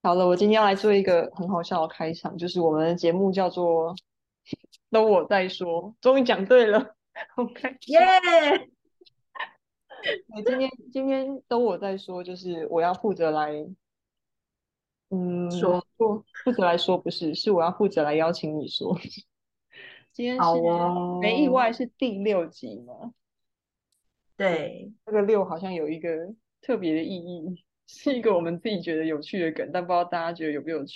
好了，我今天要來做一個很好笑的開場，就是我們的節目叫做“都我在說”，終於講對了。OK，耶！我今天今天都我在說，就是我要負責來，嗯，說不負責來說不是，是我要負責來邀請你說。哦、今天好啊，沒意外是第六集嗎？對，這、嗯那個六好像有一個特別的意義。是一個我們自己覺得有趣的梗，但不知道大家覺得有沒有、有趣。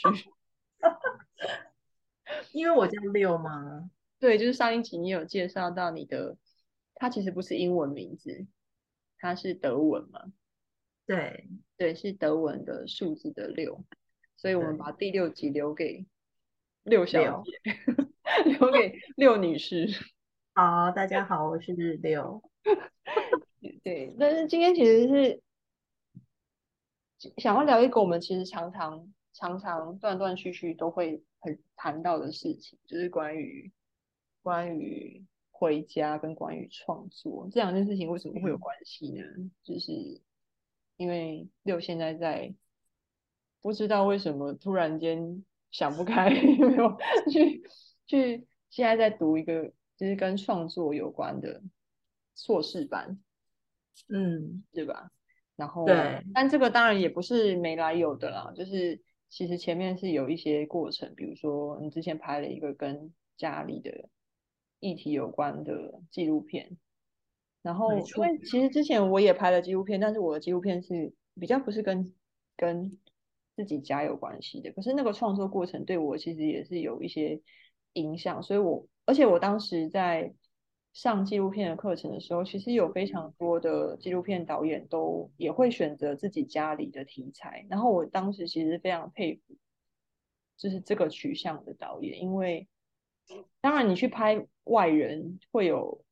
因為我叫六嘛，對，就是上一集你有介紹到你的，它其實不是英文名字，它是德文嘛。對對，是德文的數字的六，所以我們把第六集留給六小姐， 留給六女士。 好，大家好，我是六。 對，但是今天其實是。想要聊一個我們其實常常，常常斷斷續續都會很談到的事情，就是關於關於回家跟關於創作這兩件事情，為什麼會有關係呢？嗯、就是因為六現在在不知道為什麼突然間想不開， 沒有去去現在在讀一個就是跟創作有關的碩士班，嗯，對吧？然後對，但這個當然也不是沒來由的啦，就是其實前面是有一些過程，比如說你之前拍了一個跟家裡的議題有關的紀錄片，然後因為其實之前我也拍了紀錄片，但是我的紀錄片是比較不是跟跟自己家有關係的，可是那個創作過程對我其實也是有一些影響，所以我而且我當時在。上紀錄片的課程的時候，其實有非常多的紀錄片導演都也會選擇自己家裡的題材。然後我當時其實非常佩服，就是這個取向的導演，因為當然你去拍外人會有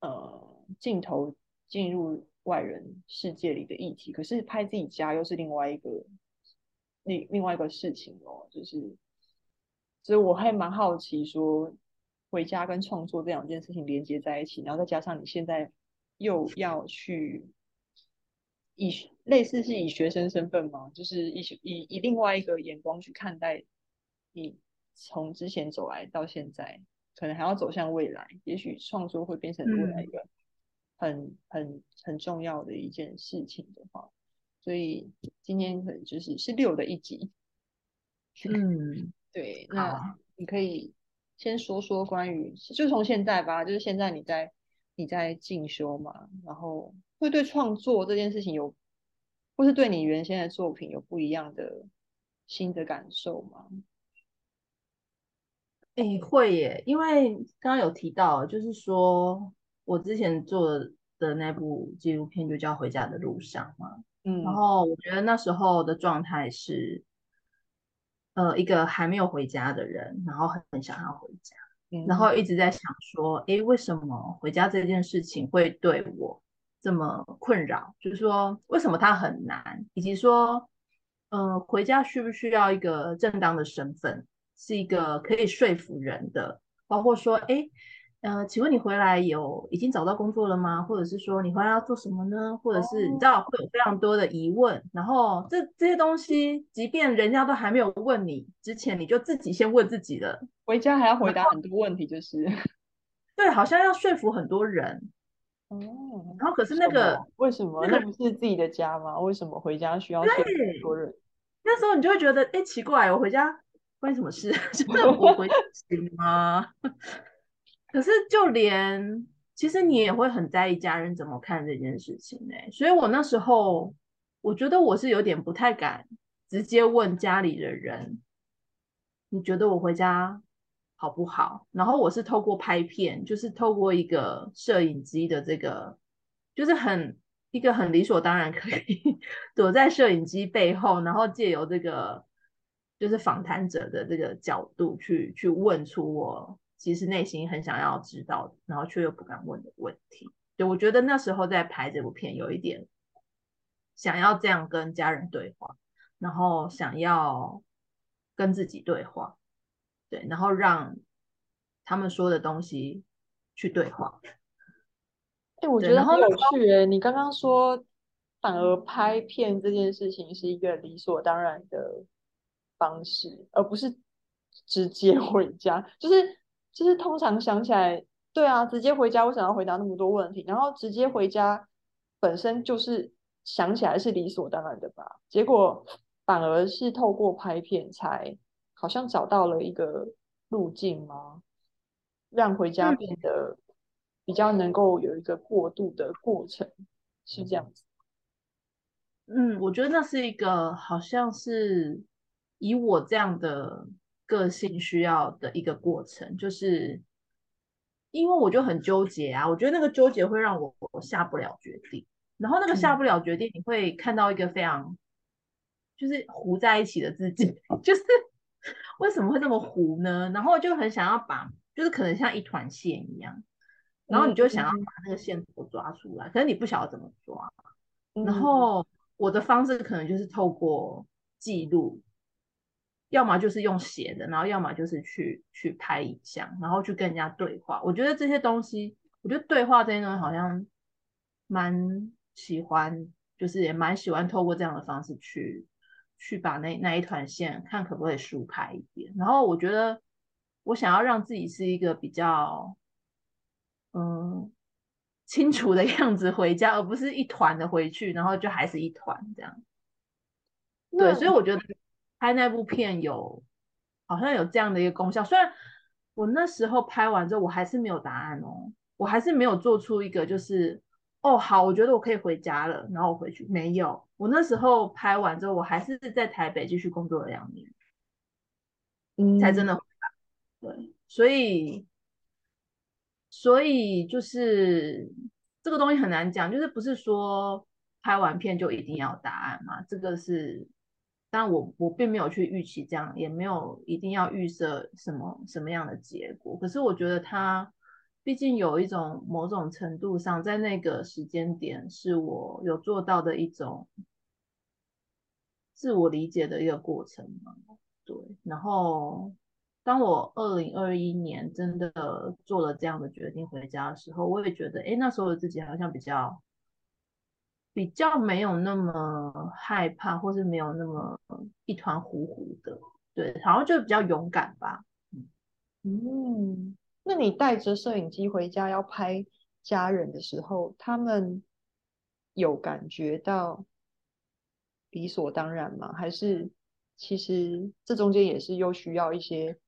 呃鏡頭進入外人世界裡的議題，可是拍自己家又是另外一個另另外一個事情哦。就是所以我還蠻好奇說。回家跟創作這兩件事情連接在一起，然後再加上你現在又要去以，以類似是以學生身份嘛，就是以以以另外一個眼光去看待你從之前走來到現在，可能還要走向未來，也許創作會變成未來一個很、嗯、很很重要的一件事情的話，所以今天可能就是、就是六的一集。嗯，對，那你可以。先說說關於，就從現在吧，就是現在你在你在進修嘛，然後會對創作這件事情有，或是對你原先的作品有不一樣的新的感受嗎？哎、欸，會耶，因為剛剛有提到，就是說我之前做的那部紀錄片就叫《回家的路上》嘛，嗯，然後我覺得那時候的狀態是。呃，一個還沒有回家的人，然後很想要回家，嗯，然後一直在想說，誒，為什麼回家這件事情會對我這麼困擾？就是說，為什麼他很難？以及說，嗯，呃，回家需不需要一個正當的身份，是一個可以說服人的？包括說，誒。呃，請問你回來有已經找到工作了嗎？或者是說你回來要做什麼呢？或者是你知道會、oh. 有非常多的疑問，然後這這些東西，即便人家都還沒有問你之前，你就自己先問自己了。回家還要回答很多問題，就是對，好像要說服很多人哦。Oh. 然後可是那個什麼？為什麼、那個、那不是自己的家嗎？為什麼回家需要說服很多人？那時候你就會覺得，哎，奇怪，我回家關你什麼事？真 的我回家行嗎？ 可是就連，其實你也會很在意家人怎麼看這件事情呢、欸？所以我那時候，我覺得我是有點不太敢直接問家裡的人，你覺得我回家好不好？然後我是透過拍片，就是透過一個攝影機的這個，就是很一個很理所當然可以 躲在攝影機背後，然後借由這個就是訪談者的這個角度去去問出我。其實內心很想要知道，然後卻又不敢問的問題。對，我覺得那時候在拍這部片，有一點想要這樣跟家人對話，然後想要跟自己對話，對，然後讓他們說的東西去對話。哎、欸，我覺得好有趣誒、欸嗯！你剛剛說，反而拍片這件事情是一個理所當然的方式，而不是直接回家，就是。就是通常想起來，對啊，直接回家，我想要回答那麼多問題，然後直接回家本身就是想起來是理所當然的吧？結果反而是透過拍片才好像找到了一個路徑嗎？讓回家變得比較能夠有一個過渡的過程，嗯，是這樣子。嗯，我覺得那是一個好像是以我這樣的。個性需要的一個過程，就是，因為我就很糾結啊，我覺得那個糾結會讓我下不了決定，然後那個下不了決定，你會看到一個非常，就是糊在一起的自己，就是為什麼會這麼糊呢？然後就很想要把，就是可能像一團線一樣，然後你就想要把那個線頭抓出來，可是你不曉得怎麼抓，然後我的方式可能就是透過記錄。要麼就是用寫的，然後要麼就是去去拍影像，然後去跟人家對話。我覺得這些東西，我覺得對話這些東西好像蠻喜歡，就是也蠻喜歡透過這樣的方式去去把那那一團線看可不可以梳開一點。然後我覺得我想要讓自己是一個比較嗯清楚的樣子回家，而不是一團的回去，然後就還是一團這樣。對，no. 所以我覺得。拍那部片有，好像有這樣的一個功效。雖然我那時候拍完之後，我還是沒有答案哦，我還是沒有做出一個就是，哦，好，我覺得我可以回家了。然後我回去沒有，我那時候拍完之後，我還是在台北繼續工作了兩年，嗯，才真的回答、嗯。對，所以，所以就是這個東西很難講，就是不是說拍完片就一定要有答案嘛？這個是。但我我並沒有去預期這樣，也沒有一定要預設什麼什麼樣的結果。可是我覺得他，畢竟有一種某種程度上，在那個時間點，是我有做到的一種自我理解的一個過程嘛。對。然後，當我二零二一年真的做了這樣的決定回家的時候，我也覺得，哎，那時候我自己好像比較。比較沒有那麼害怕，或是沒有那麼一團糊糊的，對，好像就比較勇敢吧。嗯，那你帶着攝影機回家要拍家人的時候，他們有感覺到理所當然嗎？還是其實這中間也是又需要一些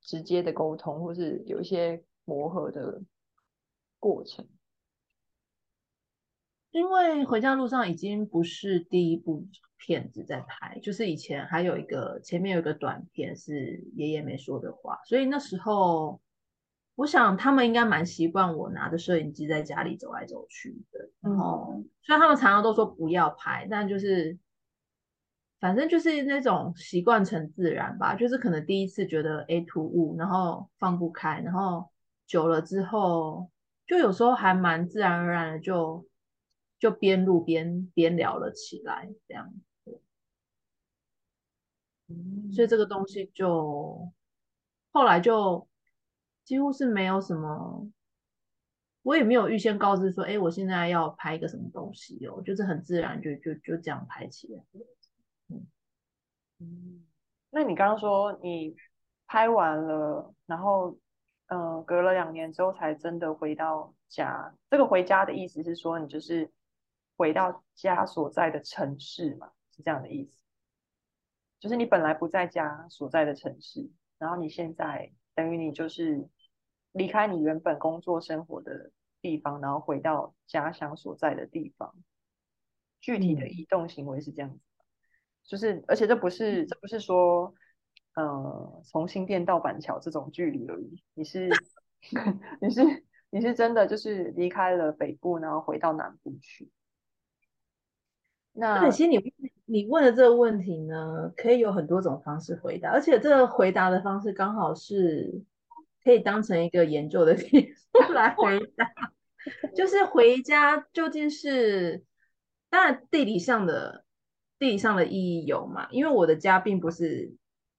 直接的溝通，或是有一些磨合的過程？因為回家路上已經不是第一部片子在拍，就是以前還有一個前面有一個短片是爺爺沒說的話，所以那時候我想他們應該蠻習慣我拿着攝影機在家裡走來走去的。哦、嗯，然後雖然他們常常都說不要拍，但就是反正就是那種習慣成自然吧。就是可能第一次覺得哎突兀，然後放不開，然後久了之後就有時候還蠻自然而然的就。就邊錄邊邊聊了起來，這樣，所以這個東西就後來就幾乎是沒有什麼，我也沒有預先告知說，哎，欸，我現在要拍一個什麼東西哦，就是很自然就就就這樣拍起來，那你剛剛說你拍完了，然後，呃，隔了兩年之後才真的回到家，這個回家的意思是說你就是。回到家所在的城市嘛，是這樣的意思，就是你本來不在家所在的城市，然後你現在等於你就是離開你原本工作生活的地方，然後回到家鄉所在的地方。具體的移動行為是這樣子，就是而且這不是這不是說，呃，從新店到板橋這種距離而已，你是 你是你是真的就是離開了北部，然後回到南部去。那其實你你問的這個問題呢，可以有很多種方式回答，而且這個回答的方式剛好是可以當成一個研究的題，來回答，就是回家究竟是，當然地理上的，地理上的意義有嘛？因為我的家並不是，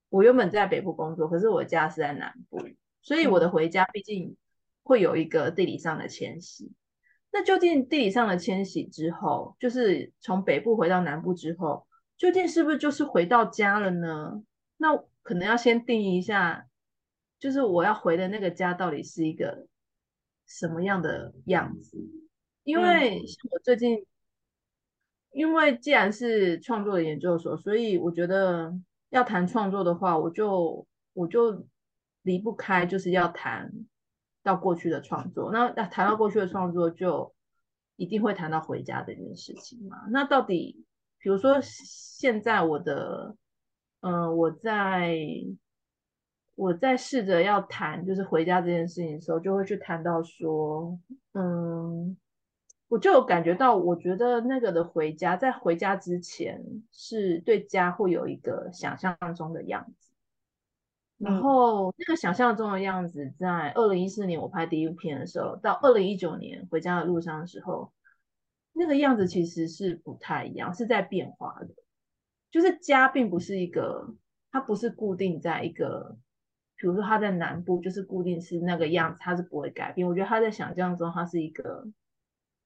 我原本在北部工作，可是我家是在南部，所以我的回家畢竟會有一個地理上的遷徙。那究竟地理上的遷徙之後，就是從北部回到南部之後，究竟是不是就是回到家了呢？那可能要先定義一下，就是我要回的那個家到底是一個什麼樣的樣子？因為像我最近，嗯、因為既然是創作的研究所，所以我覺得要談創作的話，我就我就離不開就是要談。到過去的創作，那談到過去的創作，就一定會談到回家這件事情嘛。那到底，比如說現在我的，嗯，我在我在試着要談就是回家這件事情的時候，就會去談到說，嗯，我就有感覺到，我覺得那個的回家，在回家之前，是對家會有一個想象中的樣子。然後那個想象中的樣子，在二零一四年我拍第一部片的時候，到二零一九年回家的路上的時候，那個樣子其實是不太一樣，是在變化的。就是家並不是一個，它不是固定在一個，比如說他在南部，就是固定是那個樣子，它是不會改變。我覺得他在想象中，他是一個，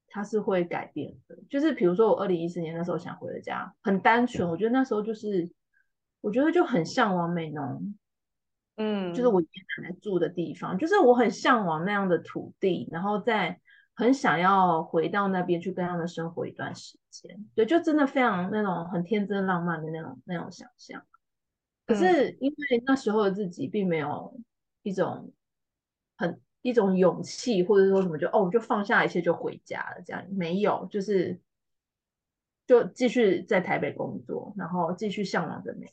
他是會改變的。就是比如說我二零一四年那時候想回的家，很單純，我覺得那時候就是，我覺得就很向往美濃。嗯，就是我爺爺奶奶住的地方，就是我很嚮往那樣的土地，然後再很想要回到那邊去跟他們生活一段時間，對，就真的非常那種很天真浪漫的那種那種想象。可是因為那時候的自己並沒有一種很一種勇氣，或者說什麼就哦，就放下一切就回家了，這樣沒有，就是就繼續在台北工作，然後繼續嚮往着美。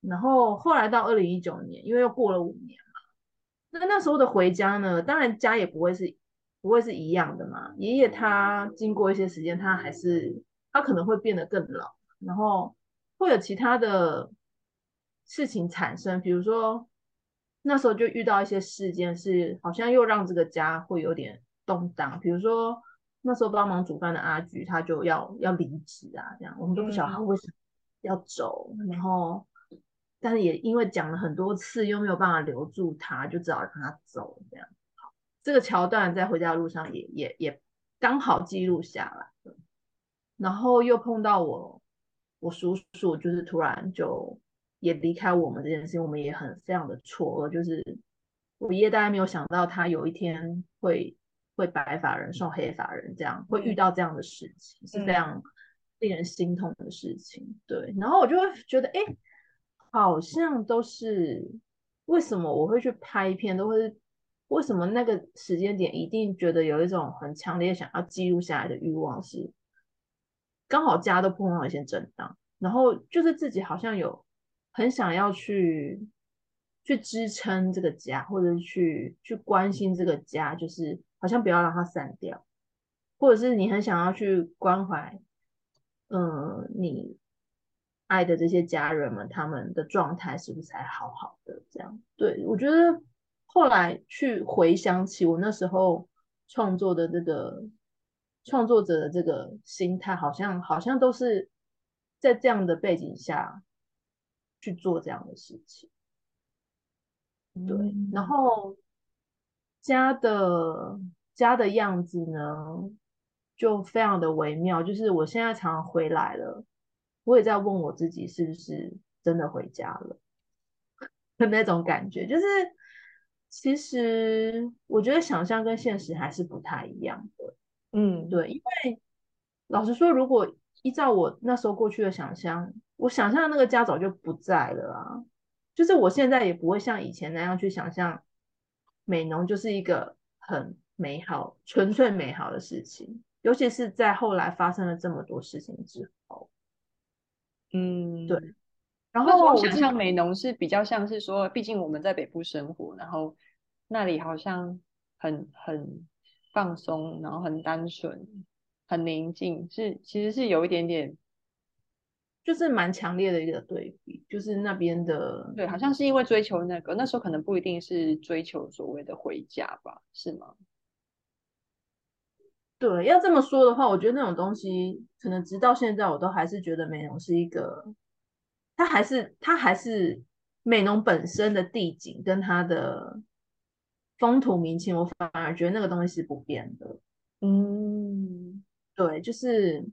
然後後來到二零一九年，因為又過了五年嘛，那那時候的回家呢，當然家也不會是，不會是一樣的嘛。爺爺他經過一些時間，他還是他可能會變得更老，然後會有其他的事情產生，比如說那時候就遇到一些事件，是好像又讓這個家會有點動盪。比如說那時候幫忙煮飯的阿菊，他就要要離職啊，這樣我們都不曉得他為什麼要走，嗯、然後。但是也因為講了很多次，又沒有辦法留住他，就只好讓他走。這樣，這個橋段在回家的路上也也也剛好記錄下來了。然後又碰到我，我叔叔就是突然就也離開我們，這件事情我們也很非常的錯愕。就是我爺爺大概沒有想到他有一天會會白髮人送黑髮人，這樣會遇到這樣的事情，是非常令人心痛的事情，嗯。對，然後我就會覺得，哎。好像都是為什麼我會去拍片，都會為什麼那個時間點一定覺得有一種很強烈想要記錄下來的慾望，是剛好家都碰到一些震盪，然後就是自己好像有很想要去去支撐這個家，或者是去去關心這個家，就是好像不要讓它散掉，或者是你很想要去關懷，嗯，你。愛的這些家人們，他們的狀態是不是才好好的這樣？對我覺得後來去回想起我那時候創作的這個創作者的這個心態，好像好像都是在這樣的背景下去做這樣的事情。對，然後家的家的樣子呢，就非常的微妙。就是我現在常常回來了。我也在問我自己，是不是真的回家了的那種感覺，就是其實我覺得想象跟現實還是不太一樣的。嗯，對，因為老實說，如果依照我那時候過去的想象，我想象的那個家早就不在了啊。就是我現在也不會像以前那樣去想象美濃就是一個很美好、純粹美好的事情，尤其是在後來發生了這麼多事情之後。嗯，對。然後我想像美濃是比較像是說，畢竟我們在北部生活，然後那裡好像很很放鬆，然後很單純，很寧靜，是其實是有一點點，就是蠻強烈的一個對比，就是那邊的。對，好像是因為追求那個，那時候可能不一定是追求所謂的回家吧，是嗎？對，要這麼說的話，我覺得那種東西可能直到現在，我都還是覺得美濃是一個，它還是它還是美濃本身的地景跟它的風土民情，我反而覺得那個東西是不變的。嗯，對，就是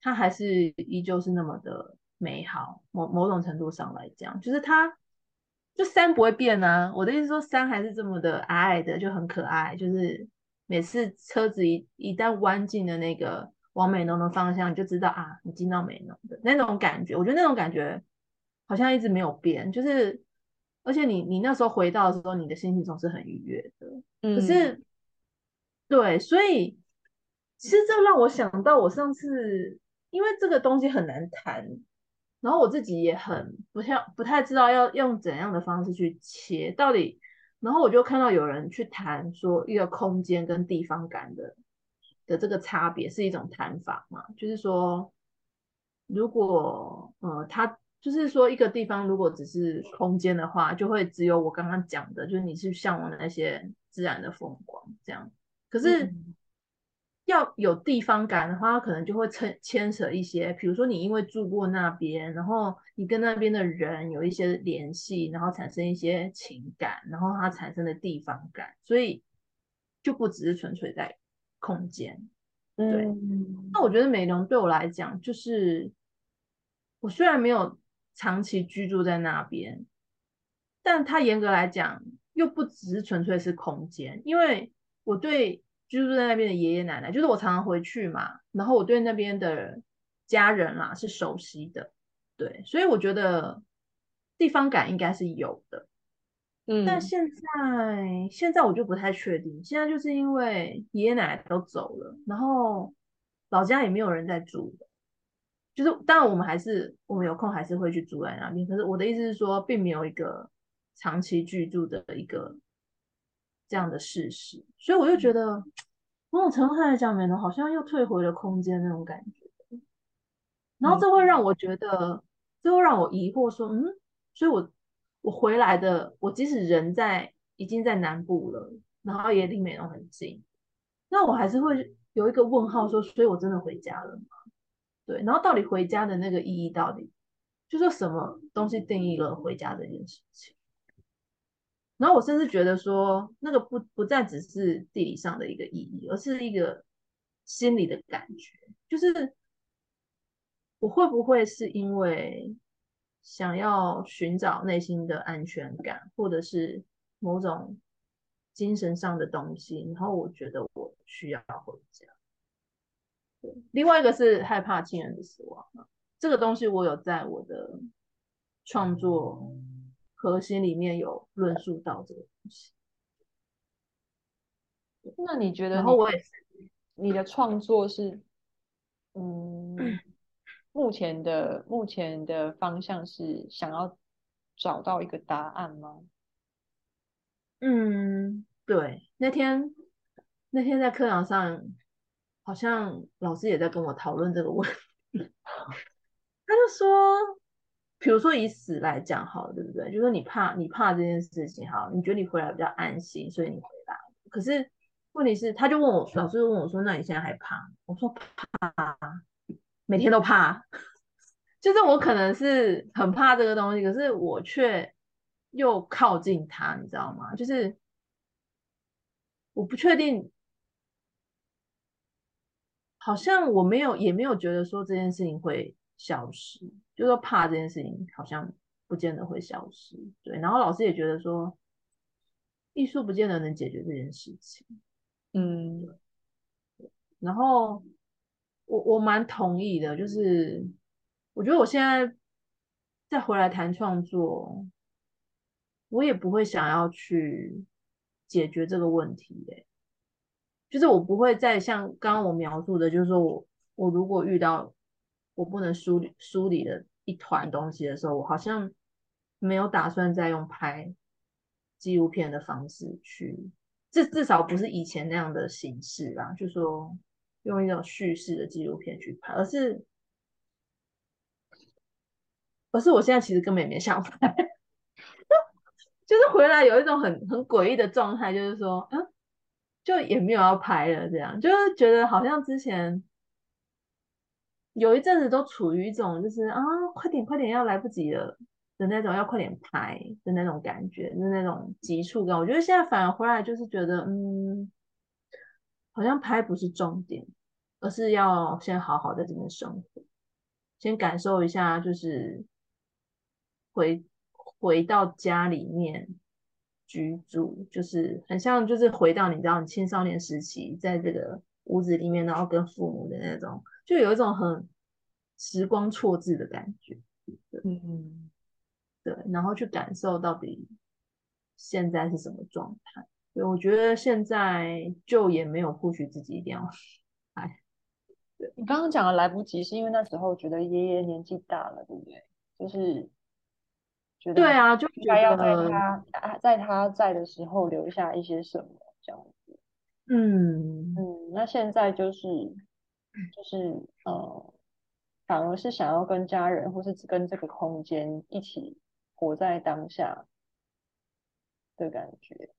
它還是依舊是那麼的美好。某某種程度上來講，就是它就山不會變啊。我的意思是說，山還是這麼的矮矮的，就很可愛，就是。每次車子一一旦彎進了那個往美濃的方向，你就知道啊，你進到美濃的那種感覺。我覺得那種感覺好像一直沒有變，就是而且你你那時候回到的時候，你的心情總是很愉悅的。可是，嗯、對，所以其實這讓我想到，我上次因為這個東西很難談，然後我自己也很不太不太知道要用怎樣的方式去切，到底。然後我就看到有人去談說一個空間跟地方感的的這個差別是一種談法嘛，就是說，如果呃，他就是說一個地方如果只是空間的話，就會只有我剛剛講的，就你是你去嚮往的那些自然的風光這樣，可是。嗯要有地方感的話，它可能就會牽牽扯一些，比如說你因為住過那邊，然後你跟那邊的人有一些聯繫，然後產生一些情感，然後它產生的地方感，所以就不只是純粹在空間。對，嗯、那我覺得美容對我來講，就是我雖然沒有長期居住在那邊，但它嚴格來講又不只是純粹是空間，因為我對。居住在那邊的爺爺奶奶，就是我常常回去嘛，然後我對那邊的家人啦是熟悉的，對，所以我覺得地方感應該是有的，嗯，但現在現在我就不太確定，現在就是因為爺爺奶奶都走了，然後老家也沒有人在住，就是當然我們還是我們有空還是會去住在那邊，可是我的意思是說，並沒有一個長期居住的一個這樣的事實，所以我就覺得，某種程度上來講，美濃好像又退回了空間那種感覺。然後這會讓我覺得，這會讓我疑惑說，嗯，所以我我回來的，我即使人在已經在南部了，然後也離美濃很近，那我還是會有一個問號說，所以我真的回家了嗎？對，然後到底回家的那個意義，到底就是什麼東西定義了回家這件事情？然後我甚至覺得說，那個不不再只是地理上的一個意義，而是一個心理的感覺。就是我會不會是因為想要尋找內心的安全感，或者是某種精神上的東西？然後我覺得我需要回家。對，另外一個是害怕親人的死亡。這個東西我有在我的創作。核心裡面有論述到這個東西，那你覺得你？然後我也是，你的創作是，嗯， 目前的目前的方向是想要找到一個答案嗎？嗯，對。那天那天在課堂上，好像老師也在跟我討論這個問題， 他就說。比如說以死來講好，對不對？就是、說你怕，你怕這件事情好，你覺得你回來比較安心，所以你回來。可是問題是，他就問我，老師就問我說：“那你現在還怕？”我說：“怕，每天都怕。 ”就是我可能是很怕這個東西，可是我卻又靠近他，你知道嗎？就是我不確定，好像我沒有，也沒有覺得說這件事情會。消失，就說怕這件事情好像不見得會消失，對。然後老師也覺得說，藝術不見得能解決這件事情，嗯。然後我我蠻同意的，就是我覺得我現在再回來談創作，我也不會想要去解決這個問題，欸，哎，就是我不會再像剛剛我描述的，就是說我我如果遇到。我不能梳理梳理的一團東西的時候，我好像沒有打算再用拍紀錄片的方式去，至至少不是以前那樣的形式啦。就說用一種敘事的紀錄片去拍，而是而是我現在其實根本也沒想拍， 就是回來有一種很很詭異的狀態，就是說，嗯、啊，就也沒有要拍了，這樣就是覺得好像之前。有一陣子都處於一種就是啊，快點快點，要來不及了的那種，要快點拍的那種感覺，就那種急促感。我覺得現在反而回來就是覺得，嗯，好像拍不是重點，而是要先好好在這邊生活，先感受一下，就是回回到家裡面居住，就是很像，就是回到你知道，青少年時期在這個。屋子裡面，然後跟父母的那種，就有一種很時光錯置的感覺。嗯，對，然後去感受到底現在是什麼狀態。對，我覺得現在就也沒有，或許自己一定要哎。你剛剛講的來不及，是因為那時候覺得爺爺年紀大了，對不對？就是對啊，就應該要在他、嗯、在他在的時候留下一些什麼這樣。嗯嗯，那現在就是就是呃、嗯，反而是想要跟家人或是跟這個空間一起活在當下的感覺，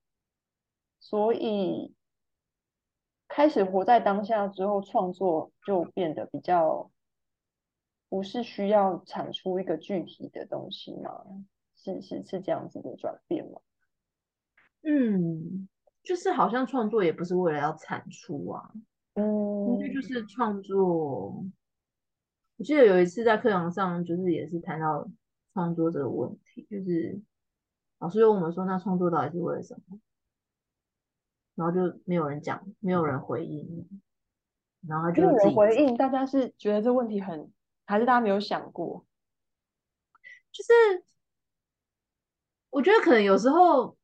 所以開始活在當下之後，創作就變得比較不是需要產出一個具體的東西嗎？是是是這樣子的轉變嗎？嗯。就是好像創作也不是為了要產出啊，嗯，就是創作。我記得有一次在課堂上，就是也是談到創作這個問題，就是老師問我們說：“那創作到底是為了什麼？”然後就沒有人講，沒有人回應，然後他就沒人回應。大家是覺得這問題很，還是大家沒有想過？就是我覺得可能有時候。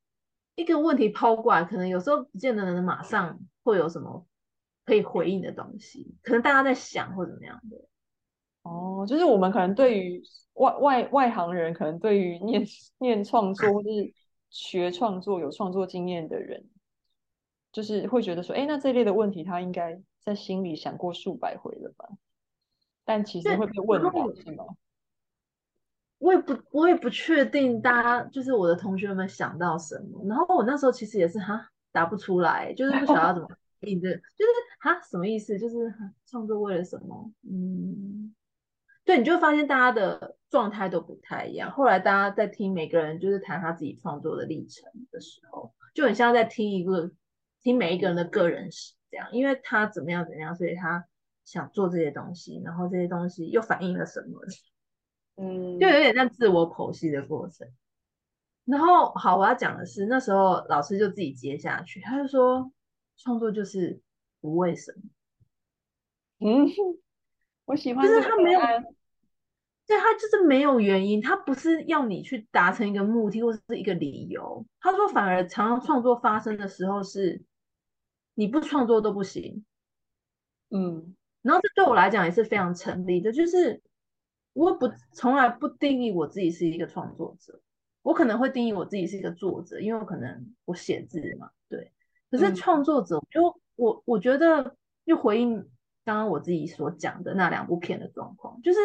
一個問題拋過來，可能有時候不見得能馬上會有什麼可以回應的東西，可能大家在想或怎麼樣的。哦，就是我們可能對於外外外行人，可能對於念念創作或者是學創作有創作經驗的人， 就是會覺得說，哎，那這類的問題他應該在心裡想過數百回了吧？但其實會被問到是嗎。我也不，我也不確定大家就是我的同學們想到什麼。然後我那時候其實也是哈，答不出來，就是不曉得要怎麼，定的就是哈，什麼意思？就是創作為了什麼？嗯，對，你就會發現大家的狀態都不太一樣。後來大家在聽每個人就是談他自己創作的歷程的時候，就很像在聽一個聽每一個人的個人史這樣，因為他怎麼樣怎麼樣，所以他想做這些東西，然後這些東西又反映了什麼了？嗯，就有點像自我剖析的過程。然後，好，我要講的是，那時候老師就自己接下去，他就說，創作就是不為什麼。嗯，我喜歡這個，就是他沒有，對、就是、他就是沒有原因，他不是要你去達成一個目的或是一個理由。他說，反而常常創作發生的時候是，是你不創作都不行。嗯，然後這對我來講也是非常成立的，就是。我不從來不定義我自己是一個創作者，我可能會定義我自己是一個作者，因為我可能我寫字嘛，對。可是創作者就、嗯、我我覺得，就回應剛剛我自己所講的那兩部片的狀況，就是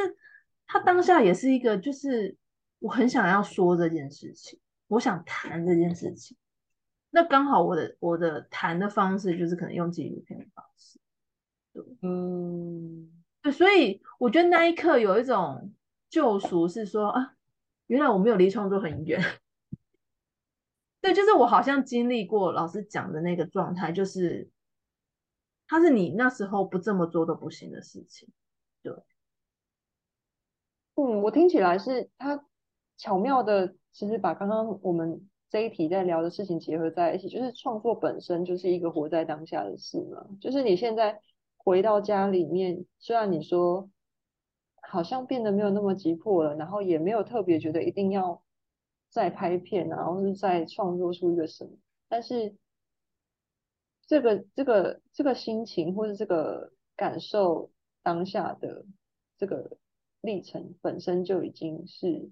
他當下也是一個，就是我很想要說這件事情，我想談這件事情，那剛好我的我的談的方式就是可能用紀錄片的方式，嗯。對，所以我覺得那一刻有一種救贖，是說啊，原來我沒有離創作很遠。對，就是我好像經歷過老師講的那個狀態，就是它是你那時候不這麼做都不行的事情。對，嗯，我聽起來是他巧妙的，其實把剛剛我們這一題在聊的事情結合在一起，就是創作本身就是一個活在當下的事嘛，就是你現在。回到家裡面，雖然你說好像變得沒有那麼急迫了，然後也沒有特別覺得一定要再拍片，然後是再創作出一個什麼，但是這個這個這個心情或者這個感受當下的這個歷程本身就已經是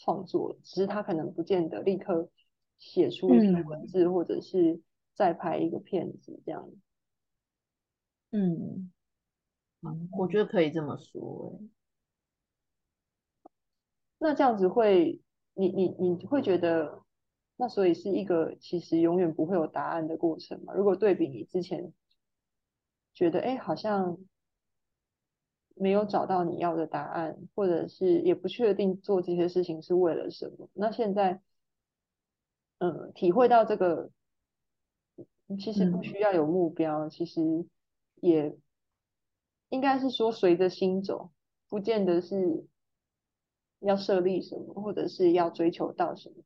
創作了，只是他可能不見得立刻寫出一個文字，嗯、或者是再拍一個片子這樣。嗯，我覺得可以這麼說。欸，那這樣子會，你你你會覺得，那所以是一個其實永遠不會有答案的過程嘛？如果對比你之前覺得，哎，欸，好像沒有找到你要的答案，或者是也不確定做這些事情是為了什麼，那現在，嗯，體會到這個其實不需要有目標，嗯、其實。也應該是說，隨着心走，不見得是要設立什麼，或者是要追求到什麼，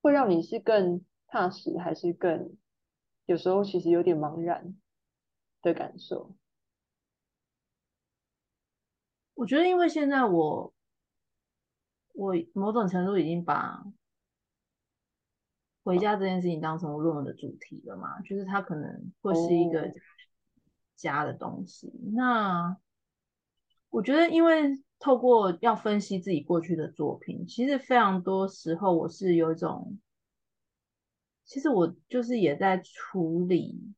會讓你是更踏實，還是更有時候其實有點茫然的感受？我覺得，因為現在我我某種程度已經把回家這件事情當成我論文的主題了嘛，就是它可能會是一個、oh.。加的東西，那我覺得，因為透過要分析自己過去的作品，其實非常多時候我是有一種，其實我就是也在處理。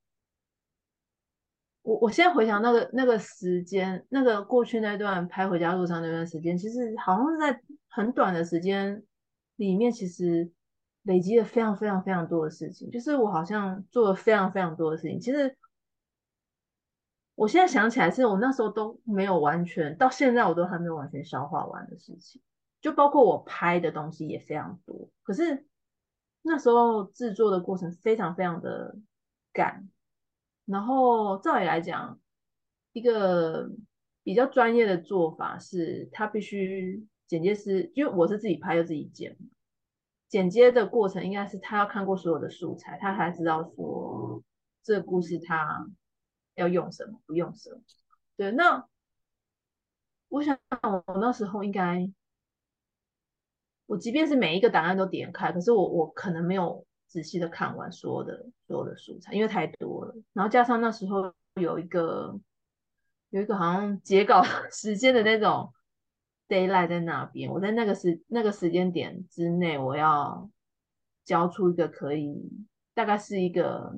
我我現在回想那個那個時間，那個過去那段拍回家路上那段時間，其實好像是在很短的時間裡面，其實累積了非常非常非常多的事情，就是我好像做了非常非常多的事情，其實。我現在想起來，是我那時候都沒有完全，到現在我都還沒有完全消化完的事情，就包括我拍的東西也非常多，可是那時候制作的過程非常非常的趕，然後照理來講，一個比較專業的做法是，他必須剪接師，因為我是自己拍又自己剪，剪接的過程應該是他要看過所有的素材，他才知道說這個故事他。要用什麼？不用什麼？對，那我想我那時候應該，我即便是每一個檔案都點開，可是我我可能沒有仔細的看完所有的所有的素材，因為太多了。然後加上那時候有一個有一個好像截稿時間的那種 deadline 在那邊，我在那個時那個時間點之內，我要交出一個可以大概是一個。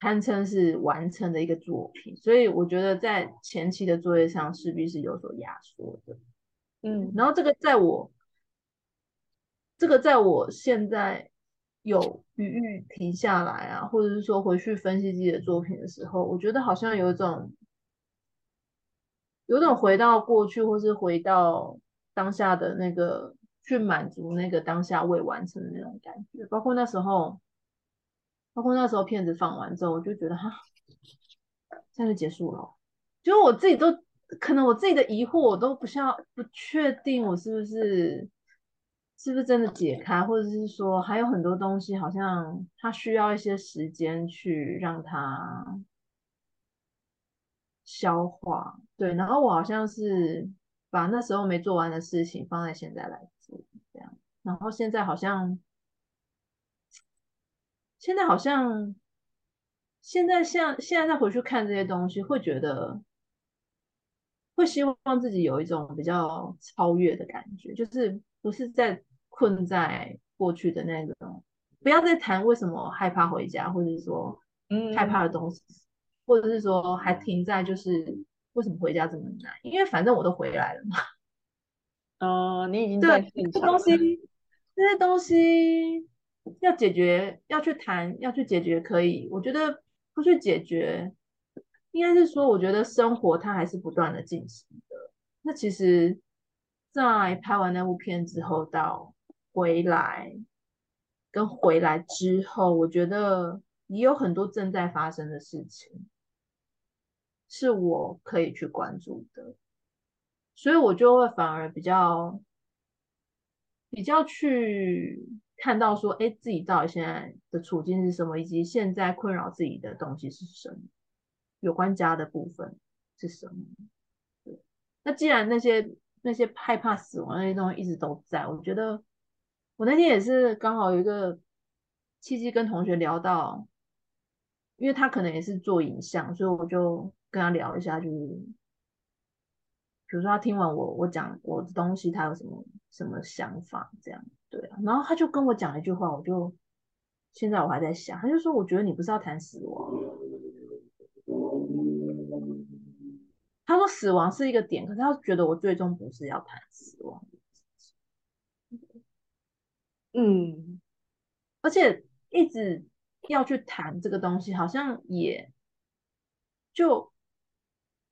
堪稱是完成的一個作品，所以我覺得在前期的作業上勢必是有所壓縮的，嗯，然後這個在我這個在我現在有餘裕停下來啊，或者是說回去分析自己的作品的時候，我覺得好像有一種，有一種回到過去，或是回到當下的那個去滿足那個當下未完成的那種感覺，包括那時候。包括那時候片子放完之後，我就覺得哈，算是結束了。就是我自己都可能，我自己的疑惑我都不像、不確定，我是不是、是不是真的解開，或者是說還有很多東西好像它需要一些時間去讓它消化。對，然後我好像是把那時候沒做完的事情放在現在來做，這樣。然後現在好像。現在好像，現在像現在再回去看這些東西，會覺得，會希望自己有一種比較超越的感覺，就是不是在困在過去的那種，不要再談為什麼害怕回家，或者是說，嗯，害怕的東西、嗯，或者是說還停在就是為什麼回家這麼難？因為反正我都回來了嘛。哦、呃，你已經。對，這東西，這些東西。要解決，要去談，要去解決，可以。我覺得不去解決，應該是說，我覺得生活它還是不斷的進行的。那其實，在拍完那部片之後，到回來，跟回來之後，我覺得也有很多正在發生的事情，是我可以去關注的。所以我就會反而比較，比較去。看到說，哎，自己到底現在的處境是什麼，以及現在困擾自己的東西是什麼？有關家的部分是什麼？對，那既然那些那些害怕死亡那些東西一直都在，我覺得我那天也是剛好有一個契機跟同學聊到，因為他可能也是做影像，所以我就跟他聊一下就，就是比如說他聽完我我講我的東西，他有什麼什麼想法這樣。對啊，然後他就跟我講了一句話，我就現在我還在想，他就說，我覺得你不是要談死亡，他說死亡是一個點，可是他覺得我最終不是要談死亡。嗯，而且一直要去談這個東西，好像也就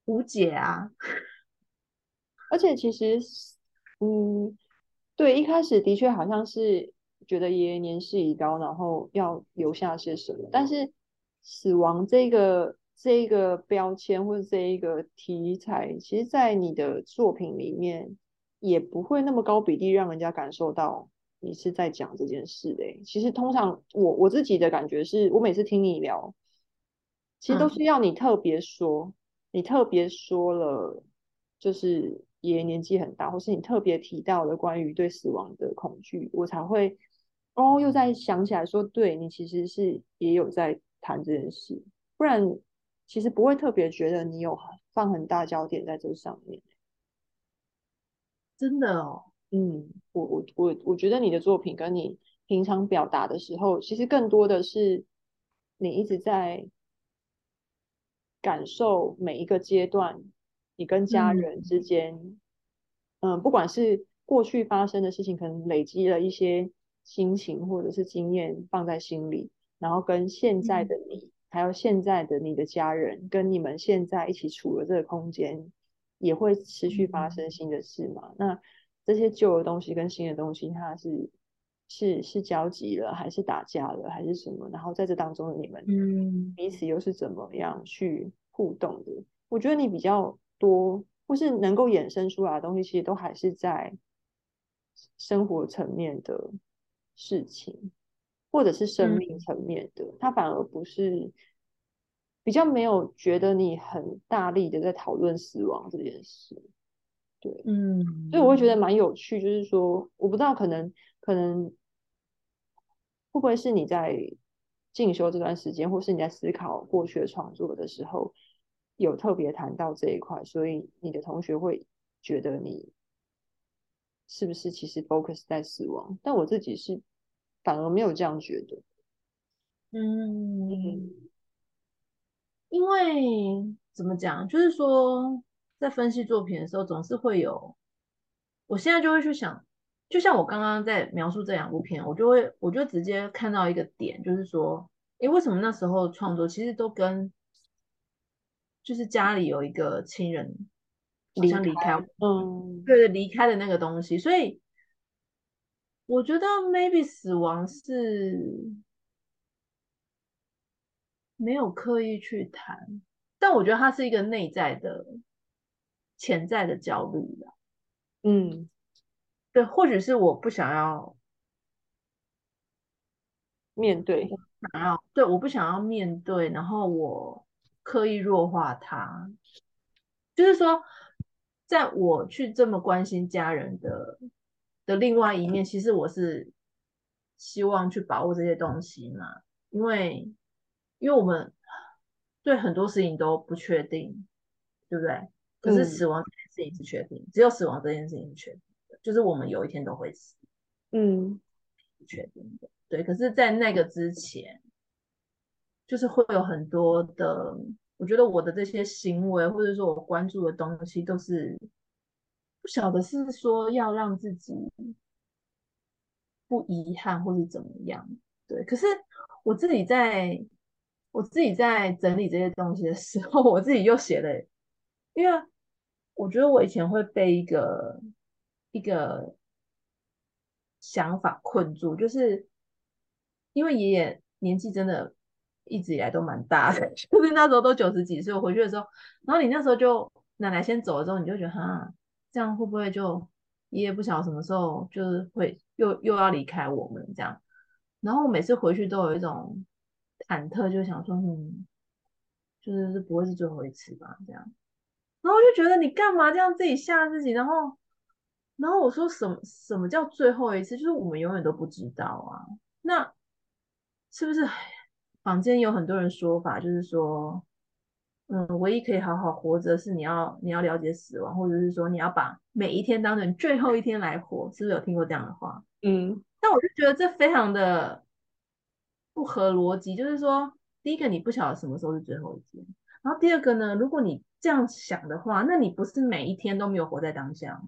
無解啊，而且其實嗯。對，一開始的確好像是覺得爺爺年事已高，然後要留下些什麼。但是死亡這個這一個標籤或者這一個題材，其實，在你的作品裡面也不會那麼高比例讓人家感受到你是在講這件事的。其實，通常我我自己的感覺是，我每次聽你聊，其實都是要你特別說，嗯、你特別說了，就是。爺爺年紀很大，或是你特別提到的關於對死亡的恐懼，我才會哦，又再想起來說，對，你其實是也有在談這件事，不然其實不會特別覺得你有放很大焦點在這上面。真的哦，嗯，我我我我覺得你的作品跟你平常表達的時候，其實更多的是你一直在感受每一個階段。你跟家人之間嗯，嗯，不管是過去發生的事情，可能累積了一些心情或者是經驗，放在心裡，然後跟現在的你、嗯，還有現在的你的家人，跟你們現在一起處的這個空間，也會持續發生新的事嘛。嗯、那這些舊的東西跟新的東西，它是是是交集了，還是打架了，還是什麼？然後在這當中，你們彼此又是怎麼樣去互動的？嗯、我覺得你比較。多或是能夠衍生出來的東西，其實都還是在生活層面的事情，或者是生命層面的。他、嗯、反而不是比較沒有覺得你很大力的在討論死亡這件事，對，嗯，所以我會覺得蠻有趣，就是說，我不知道可能可能會不會是你在進修這段時間，或是你在思考過去的創作的時候。有特別談到這一塊，所以你的同學會覺得你是不是其實 focus 在死亡？但我自己是反而沒有這樣覺得。嗯，因為怎麼講，就是說在分析作品的時候，總是會有，我現在就會去想，就像我剛剛在描述這兩部片，我就會我就直接看到一個點，就是說，哎、欸，為什麼那時候創作其實都跟。就是家裡有一個親人好像離開，離開，嗯，對，離開的那個東西，所以我覺得 maybe 死亡是沒有刻意去談，但我覺得它是一個內在的潛在的焦慮，嗯，對，或許是我不想要面對，想要，對，我不想要面對，然後我。刻意弱化他，就是說，在我去這麼關心家人的的另外一面，其實我是希望去把握這些東西嘛，因為因為我們對很多事情都不確定，對不對？可是死亡這件事情是確定，嗯，只有死亡這件事情是確定的，就是我們有一天都會死，嗯，確定的，對。可是，在那個之前。就是會有很多的，我覺得我的這些行為，或者說我關注的東西，都是不曉得是說要讓自己不遺憾，或是怎麼樣，對。可是我自己在我自己在整理這些東西的時候，我自己又寫了，因為我覺得我以前會被一個一個想法困住，就是因為爺爺年紀真的。一直以來都蠻大的，就是那時候都九十幾歲，我回去的時候，然後你那時候就奶奶先走了之後，你就覺得啊，這樣會不會就你也不曉得什麼時候就是會又又要離開我們這樣？然後我每次回去都有一種忐忑，就想說，嗯，就是這不會是最後一次吧？這樣，然後我就覺得你幹嘛這樣自己嚇自己？然後，然後我說什麼什麼叫最後一次？就是我們永遠都不知道啊，那是不是？坊間有很多人說法，就是說，嗯，唯一可以好好活着是你要你要了解死亡，或者是說你要把每一天當成最後一天來活，是不是有聽過這樣的話？嗯，但我就覺得這非常的不合邏輯。就是說，第一個你不曉得什麼時候是最後一天，然後第二個呢，如果你這樣想的話，那你不是每一天都沒有活在當下嗎？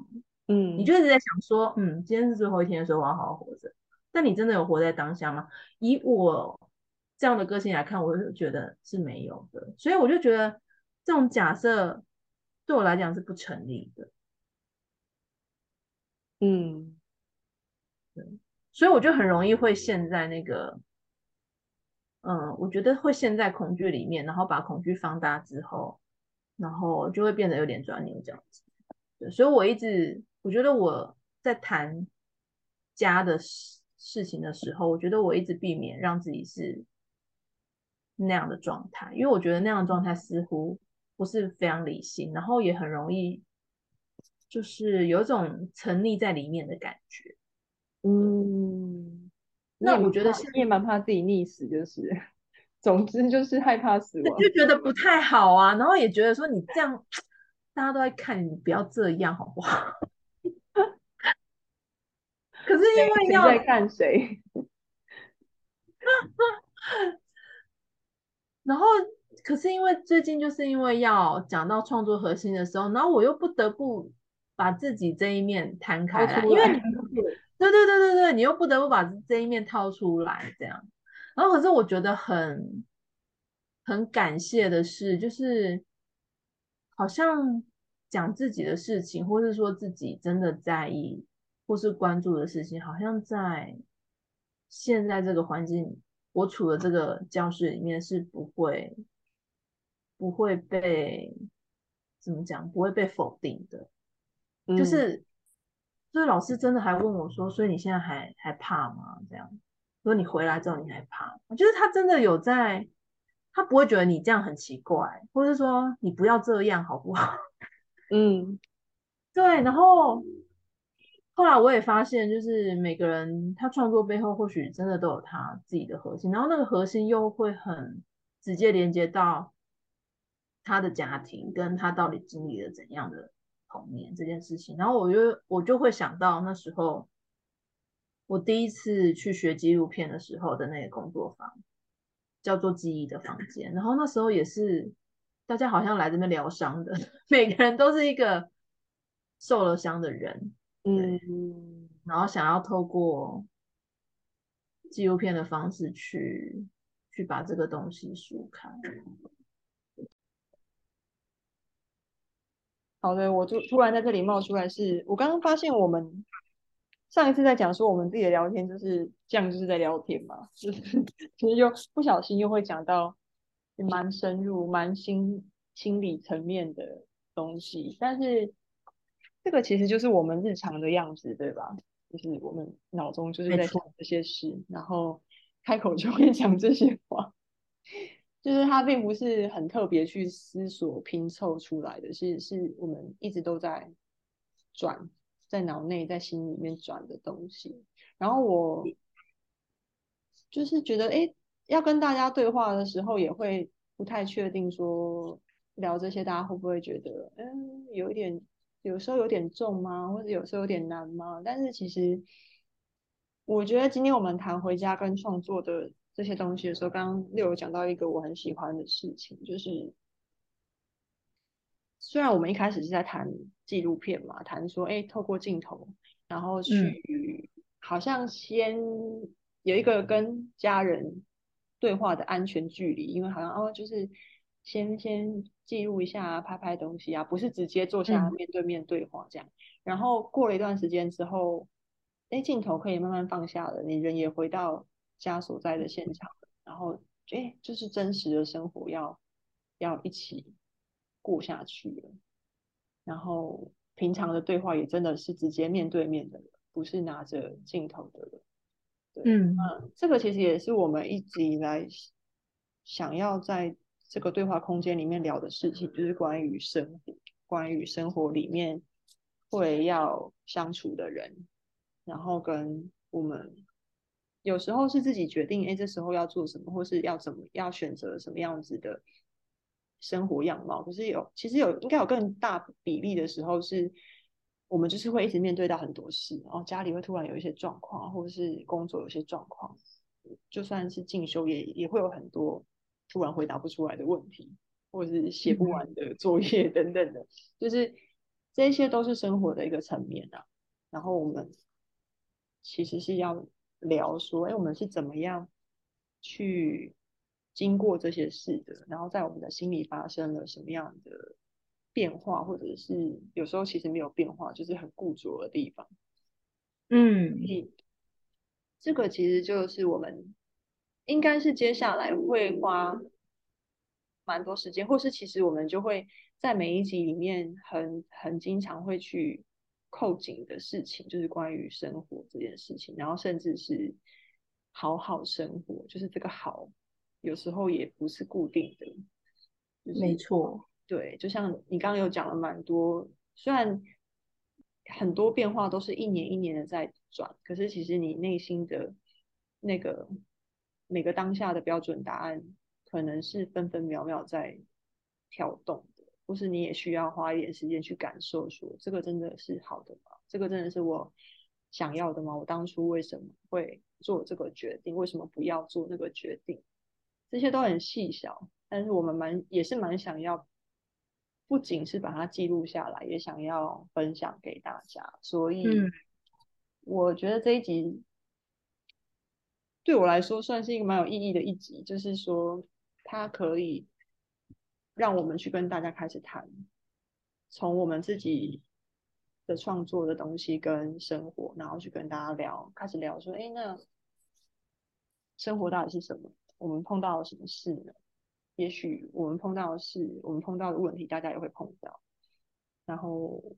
嗯，你就一直在想說，嗯，今天是最後一天的時候我要好好活着。但你真的有活在當下嗎？以我。這樣的個性來看，我覺得是沒有的，所以我就覺得這種假設對我來講是不成立的。嗯，所以我就很容易會陷在那個，嗯，我覺得會陷在恐懼裡面，然後把恐懼放大之後，然後就會變得有點鑽牛角尖這樣子。所以我一直我覺得我在談家的事事情的時候，我覺得我一直避免讓自己是。那樣的狀態，因為我覺得那樣的狀態似乎不是非常理性，然後也很容易，就是有一種沉溺在裡面的感覺。嗯，那我覺得你也蠻怕自己溺死，就是，總之就是害怕死亡，就覺得不太好啊。然後也覺得說你這樣，大家都在看你，不要這樣，好不好？ 可是因為要誰在看誰？ 然後，可是因為最近就是因為要講到創作核心的時候，然後我又不得不把自己這一面攤開來，來，因為你，對對對對對，你又不得不把這一面掏出來，這樣。然後可是我覺得很很感謝的是，就是好像講自己的事情，或是說自己真的在意，或是關注的事情，好像在現在這個環境。我處的這個教室裡面是不會不會被怎麼講，不會被否定的。嗯、就是所以老師真的還問我說：“所以你現在還還怕嗎？”這樣說，你回來之後你還怕？我覺得他真的有在，他不會覺得你這樣很奇怪，或者說你不要這樣好不好？嗯， 對，然後。後來我也發現，就是每個人他創作背後，或許真的都有他自己的核心，然後那個核心又會很直接連接到他的家庭，跟他到底經歷了怎樣的童年這件事情。然後我就我就會想到那時候我第一次去學紀錄片的時候的那個工作坊，叫做記憶的房間。然後那時候也是大家好像來這邊療傷的，每個人都是一個受了傷的人。嗯，然後想要透過紀錄片的方式去去把這個東西疏開。好的，我就突然在這裡冒出來是，是我剛剛發現我們上一次在講說我們自己的聊天就是這樣就是在聊天嘛，其實就是就是、又不小心又會講到蠻深入、蠻心心理層面的東西，但是。這個其實就是我們日常的樣子，對吧？就是我們腦中就是在想這些事，然後開口就會講這些話，就是它並不是很特別去思索拼湊出來的，是是我們一直都在轉在腦內在心裡面轉的東西。然後我就是覺得，哎，要跟大家對話的時候，也會不太確定說聊這些，大家會不會覺得，嗯，有一點。有時候有點重嗎？或者有時候有點難嗎？但是其實，我覺得今天我們談回家跟創作的這些東西的時候，剛剛六有講到一個我很喜歡的事情，就是雖然我們一開始是在談紀錄片嘛，談說哎、欸、透過鏡頭，然後去、嗯、好像先有一個跟家人對話的安全距離，因為好像哦就是。先先記錄一下、啊，拍拍東西啊，不是直接坐下面對面對話這樣。嗯。然後過了一段時間之後，哎，鏡頭可以慢慢放下了，你人也回到家所在的現場了。然後，哎，就是真實的生活要要一起過下去了。然後平常的對話也真的是直接面對面的了，不是拿着鏡頭的了。嗯嗯，這個其實也是我們一直以來想要在。這個對話空間裡面聊的事情，就是關於生活，關於生活裡面會要相處的人，然後跟我們有時候是自己決定，哎，這時候要做什麼，或是要怎麼要選擇什麼樣子的生活樣貌。可是有其實有應該有更大比例的時候是，是我們就是會一直面對到很多事，然後家裡會突然有一些狀況，或者是工作有些狀況，就算是進修也也會有很多突然回答不出來的問題，或者是寫不完的作業等等的，嗯、就是這些，都是生活的一個層面啊。然後我們其實是要聊說，哎、欸，我們是怎麼樣去經過這些事的？然後在我們的心裡發生了什麼樣的變化，或者是有時候其實沒有變化，就是很固着的地方。嗯，這個其實就是我們。應該是接下來會花蠻多時間，或是其實我們就會在每一集裡面很很經常會去扣緊的事情，就是關於生活這件事情，然後甚至是好好生活，就是這個好有時候也不是固定的，就是，沒錯，對，就像你剛剛有講了蠻多，雖然很多變化都是一年一年的在轉，可是其實你內心的那個。每個當下的標準答案，可能是分分秒秒在跳動的，或是你也需要花一點時間去感受說，說這個真的是好的嗎？這個真的是我想要的嗎？我當初為什麼會做這個決定？為什麼不要做這個決定？這些都很細小，但是我們蠻也是蠻想要，不僅是把它記錄下來，也想要分享給大家。所以，我覺得這一集。對我來說算是一個蠻有意義的一集，就是說，它可以讓我們去跟大家開始談，從我們自己的創作的東西跟生活，然後去跟大家聊，開始聊說，哎，那生活到底是什麼？我們碰到了什麼事呢？也許我們碰到的事，我們碰到的問題，大家也會碰到，然後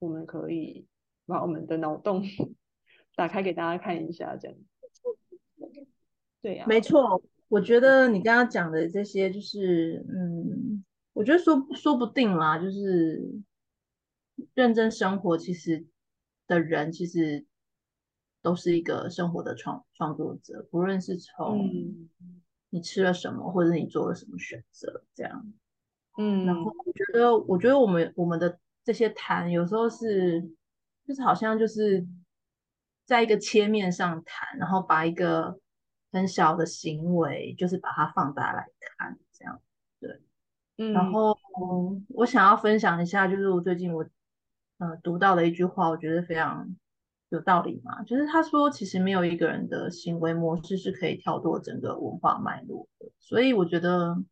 我們可以把我們的腦洞打開給大家看一下，這樣。對呀、啊，沒錯，我覺得你剛剛講的這些就是，嗯，我覺得說說不定啦，就是認真生活其實的人，其實都是一個生活的創創作者，不論是從你吃了什麼，或者你做了什麼選擇，這樣，嗯，然後我覺得，我覺得我們我們的這些談，有時候是就是好像就是在一個切面上談，然後把一個。很小的行為，就是把它放大來看，這樣子對。然後、嗯、我想要分享一下，就是我最近我、呃、讀到了一句話，我覺得非常有道理嘛，就是他說，其實沒有一個人的行為模式是可以跳脫整個文化脈絡的。所以我覺得，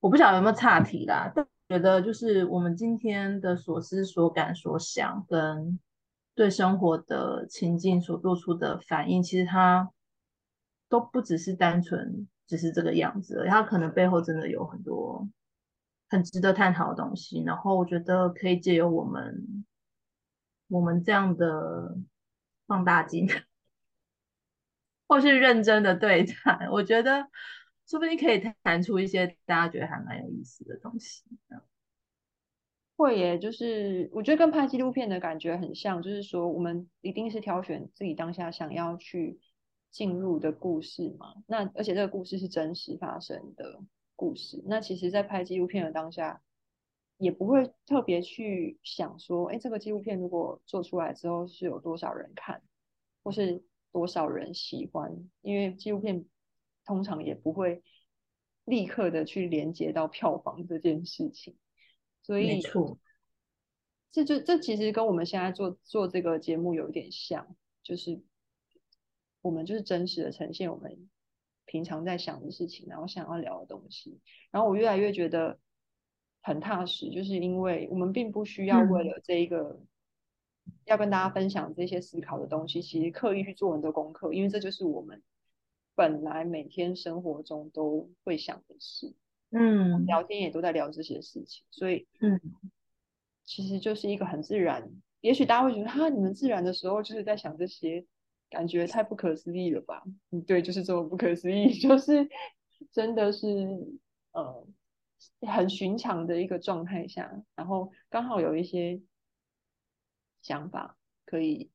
我不曉得有沒有岔題啦，但我覺得就是我們今天的所思所感所想，跟對生活的情境所做出的反應，其實它。都不只是單純只是這個樣子，它可能背後真的有很多很值得探討的東西。然後我覺得可以借由我們我們這樣的放大鏡，或是認真的對談，我覺得說不定可以談出一些大家覺得還蠻有意思的東西。會耶，就是我覺得跟拍紀錄片的感覺很像，就是說我們一定是挑選自己當下想要去。進入的故事嘛，那而且這個故事是真實發生的故事。那其實，在拍紀錄片的當下，也不會特別去想說，哎、欸，這個紀錄片如果做出來之後是有多少人看，或是多少人喜歡，因為紀錄片通常也不會立刻的去連接到票房這件事情。所以，這就這其實跟我們現在做做這個節目有一點像，就是。我們就是真實的呈現我們平常在想的事情，然後想要聊的東西。然後我越來越覺得很踏實，就是因為我們並不需要為了這一個要跟大家分享這些思考的東西，其實刻意去做很多功課，因為這就是我們本來每天生活中都會想的事。嗯，聊天也都在聊這些事情，所以嗯，其實就是一個很自然。也許大家會覺得哈，啊，你們自然的時候就是在想這些。感覺太不可思議了吧？嗯，對，就是這麼不可思議，就是真的是，呃，很尋常的一個狀態下，然後剛好有一些想法可以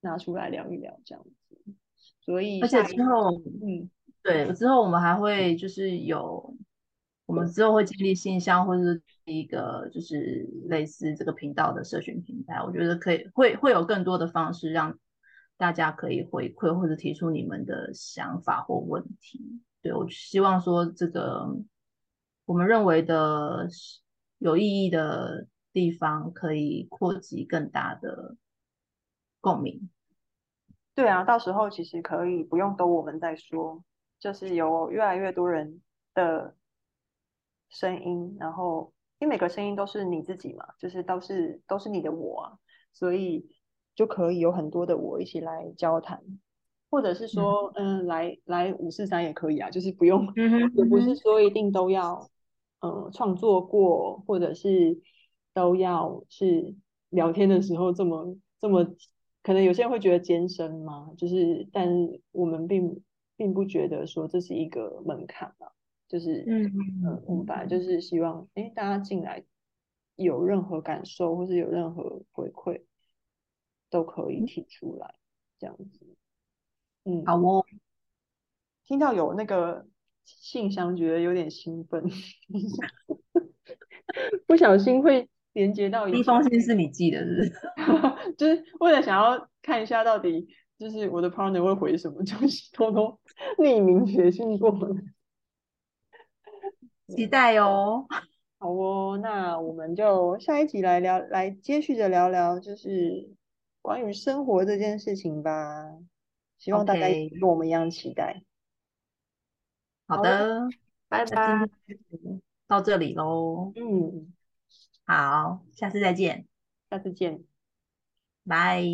拿出來聊一聊，這樣子。所以，而且之後，嗯，對，之後我們還會就是有，我們之後會建立信箱或者是一個就是類似這個頻道的社群平台，我覺得可以會會有更多的方式讓。大家可以回饋或者提出你們的想法或問題，對，我希望說這個我們認為的有意義的地方可以擴及更大的共鳴。對啊，到時候其實可以不用都我們在說，就是有越來越多人的聲音，然後因為每個聲音都是你自己嘛，就是都是都是你的我啊，所以。就可以有很多的我一起來交談，或者是說，嗯，呃、來來五四三也可以啊，就是不用、嗯，也不是說一定都要，呃創作過，或者是都要是聊天的時候這麼、嗯、這麼，可能有些人會覺得艱深嘛，就是，但我們並並不覺得說這是一個門檻啊，就是，嗯嗯、呃，我們本來就是希望，哎、欸，大家進來有任何感受或是有任何回饋。都可以提出來，這樣子，嗯，好哦。聽到有那個信箱，覺得有點興奮。 不小心會連接到一封信是你寄的，是不是？ 就是為了想要看一下到底，就是我的 partner 會回什麼東西，偷偷匿名寫信過。期待哦，好哦，那我們就下一集來聊，來接續的聊聊，就是。關於生活這件事情吧，希望大家也跟我們一樣期待。Okay. 好的，好，拜拜，到這裡咯，嗯，好，下次再見，下次見，拜。